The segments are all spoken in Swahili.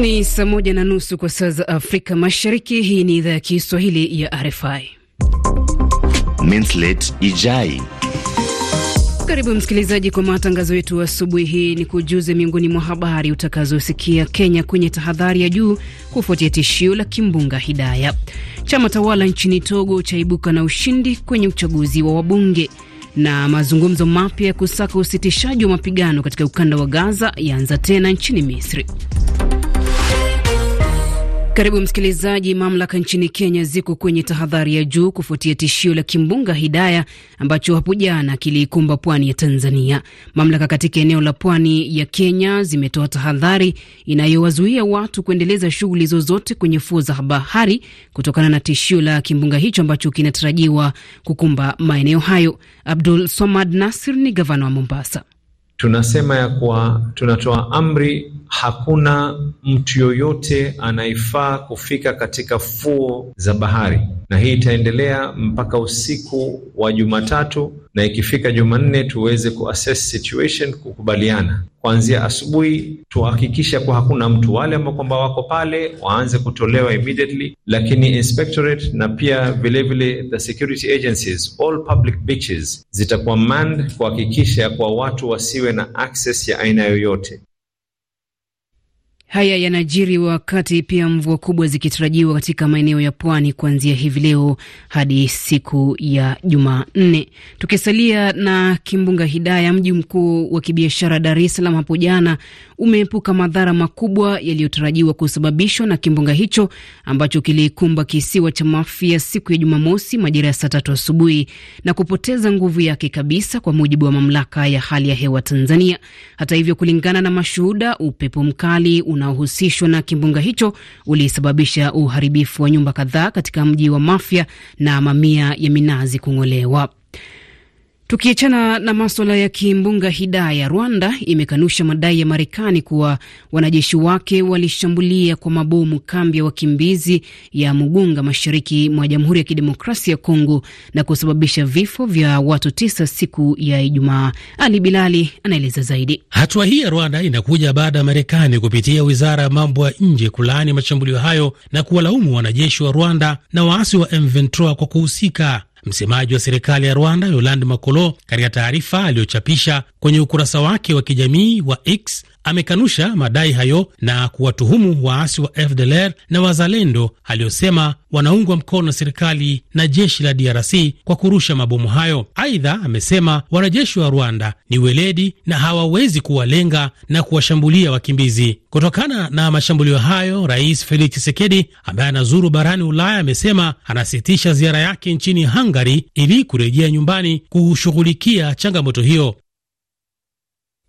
Ni saa moja na nusu kwa saa za Afrika Mashariki. Hii ni idhaa ya Kiswahili ya RFI. Minslet Ijai. Karibu msikilizaji kwa matangazo yetu asubuhi hii. Ni kujuze miongoni mwa habari utakazosikia. Kenya kwenye tahadhari ya juu kufuatia tishio la kimbunga Hidaya. Chama tawala nchini Togo chaibuka na ushindi kwenye uchaguzi wa wabunge, na mazungumzo mapya ya kusaka usitishaji wa mapigano katika ukanda wa Gaza yaanza tena nchini Misri. Karibu msikilizaji. Mamlaka nchini Kenya ziko kwenye tahadhari ya juu kufuatia tishio la kimbunga Hidaya ambacho hapo jana kiliikumba pwani ya Tanzania. Mamlaka katika eneo la pwani ya Kenya zimetoa tahadhari inayowazuia watu kuendeleza shughuli zozote kwenye fuo za bahari kutokana na tishio la kimbunga hicho ambacho kinatarajiwa kukumba maeneo hayo. Abdul Somad Nasir ni gavana wa Mombasa tunasema ya kuwa tunatoa amri, hakuna mtu yoyote anayefaa kufika katika fuo za bahari, na hii itaendelea mpaka usiku wa Jumatatu na ikifika Jumanne tuweze kuassess situation, kukubaliana kuanzia asubuhi, tuhakikisha kwa hakuna mtu, wale ambao kwamba wako pale waanze kutolewa immediately, lakini inspectorate na pia vilevile the security agencies all public beaches zitakuwa manned kuhakikisha kwa watu wasiwe na access ya aina yoyote. Haya yanajiri wakati pia mvua kubwa zikitarajiwa katika maeneo ya pwani kuanzia hivi leo hadi siku ya Jumanne. Tukisalia na kimbunga Hidaya, mji mkuu wa kibiashara Dar es Salaam hapo jana umeepuka madhara makubwa yaliyotarajiwa kusababishwa na kimbunga hicho ambacho kilikumba kisiwa cha Mafia siku ya Jumamosi majira ya saa tatu asubuhi na kupoteza nguvu yake kabisa, kwa mujibu wa mamlaka ya hali ya hewa Tanzania. Hata hivyo, kulingana na mashuhuda, upepo mkali unaohusishwa na kimbunga hicho ulisababisha uharibifu wa nyumba kadhaa katika mji wa Mafia na mamia ya minazi kung'olewa. Tukiachana na maswala ya kimbunga Hidaya, Rwanda imekanusha madai ya Marekani kuwa wanajeshi wake walishambulia kwa mabomu kambi ya wakimbizi ya Mugunga mashariki mwa Jamhuri ya Kidemokrasia ya Kongo na kusababisha vifo vya watu tisa siku ya Ijumaa. Ali Bilali anaeleza zaidi. Hatua hii ya Rwanda inakuja baada ya Marekani kupitia wizara ya mambo ya nje kulaani mashambulio hayo na kuwalaumu wanajeshi wa Rwanda na waasi wa M23 kwa kuhusika. Msemaji wa serikali ya Rwanda Yolande Makolo, katika taarifa aliyochapisha kwenye ukurasa wake wa kijamii wa X amekanusha madai hayo na kuwatuhumu waasi wa FDLR na wazalendo aliyosema wanaungwa mkono na serikali na jeshi la DRC kwa kurusha mabomu hayo. Aidha, amesema wanajeshi wa Rwanda ni weledi na hawawezi kuwalenga na kuwashambulia wakimbizi. Kutokana na mashambulio hayo, Rais Felix Tshisekedi ambaye anazuru barani Ulaya amesema anasitisha ziara yake nchini Hungary ili kurejea nyumbani kushughulikia changamoto hiyo.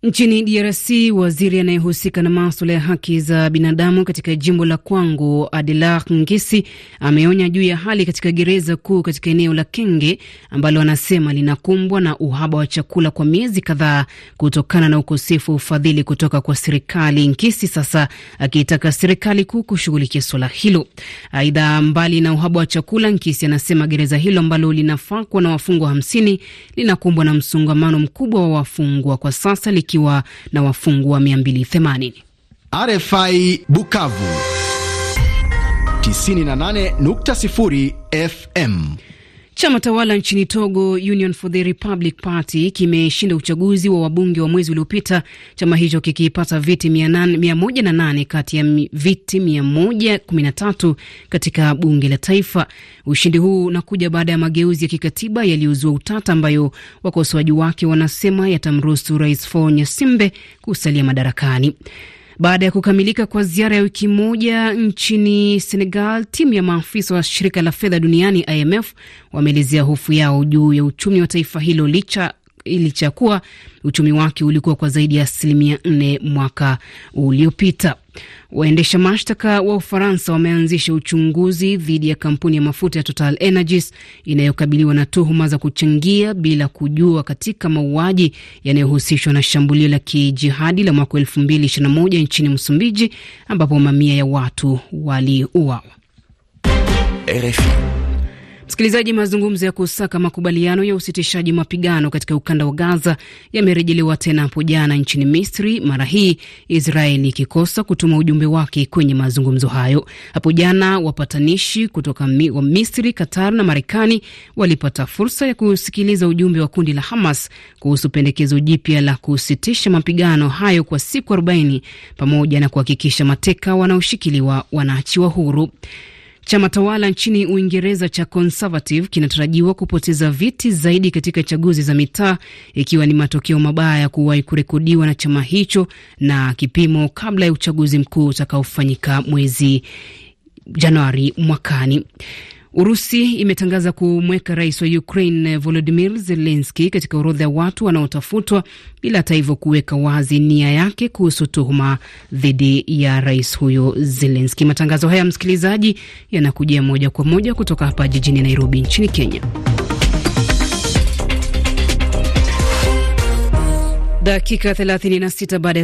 Nchini DRC, waziri anayehusika na maswala ya haki za binadamu katika jimbo la Kwango, Adilar Ngisi, ameonya juu ya hali katika gereza kuu katika eneo la Kenge ambalo anasema linakumbwa na uhaba wa chakula kwa miezi kadhaa kutokana na ukosefu wa ufadhili kutoka kwa serikali. Ngisi sasa akiitaka serikali kuu kushughulikia swala hilo. Aidha, mbali na uhaba wa chakula, Ngisi anasema gereza hilo ambalo linafaa kuwa na wafungwa hamsini linakumbwa na msongamano mkubwa wa wafungwa kwa sasa ikiwa na wafungwa 280. RFI Bukavu 98.0 FM. Chama tawala nchini Togo, Union for the Republic Party, kimeshinda uchaguzi wa wabunge wa mwezi uliopita, chama hicho kikipata viti mia kati ya viti 113 katika bunge la taifa. Ushindi huu unakuja baada ya mageuzi ya kikatiba yaliyozua utata, ambayo wakosoaji wake wanasema yatamruhusu Rais Faure Nyasimbe kusalia madarakani. Baada ya kukamilika kwa ziara ya wiki moja nchini Senegal, timu ya maafisa wa shirika la fedha duniani IMF wameelezea hofu yao juu ya uchumi wa taifa hilo licha licha ya kuwa uchumi wake ulikuwa kwa zaidi ya asilimia nne mwaka uliopita. Waendesha mashtaka wa Ufaransa wameanzisha uchunguzi dhidi ya kampuni ya mafuta ya Total Energies inayokabiliwa na tuhuma za kuchangia bila kujua katika mauaji yanayohusishwa na shambulio la kijihadi la mwaka moja nchini Msumbiji ambapo mamia ya watu waliuawa. RFI Msikilizaji, mazungumzo ya kusaka makubaliano ya usitishaji mapigano katika ukanda wa Gaza yamerejelewa tena hapo jana nchini Misri, mara hii Israeli ikikosa kutuma ujumbe wake kwenye mazungumzo hayo. Hapo jana wapatanishi kutoka wa Misri, Qatar na Marekani walipata fursa ya kusikiliza ujumbe wa kundi la Hamas kuhusu pendekezo jipya la kusitisha mapigano hayo kwa siku 40 pamoja na kuhakikisha mateka wanaoshikiliwa wanaachiwa huru. Chama tawala nchini Uingereza cha Conservative kinatarajiwa kupoteza viti zaidi katika chaguzi za mitaa, ikiwa ni matokeo mabaya ya kuwahi kurekodiwa na chama hicho na kipimo kabla ya uchaguzi mkuu utakaofanyika mwezi Januari mwakani. Urusi imetangaza kumweka rais wa Ukraine Volodimir Zelenski katika orodha ya watu wanaotafutwa bila hata hivyo kuweka wazi nia yake kuhusu tuhuma dhidi ya rais huyo Zelenski. Matangazo haya, msikilizaji, yanakujia moja kwa moja kutoka hapa jijini Nairobi nchini Kenya. Dakika 36 baada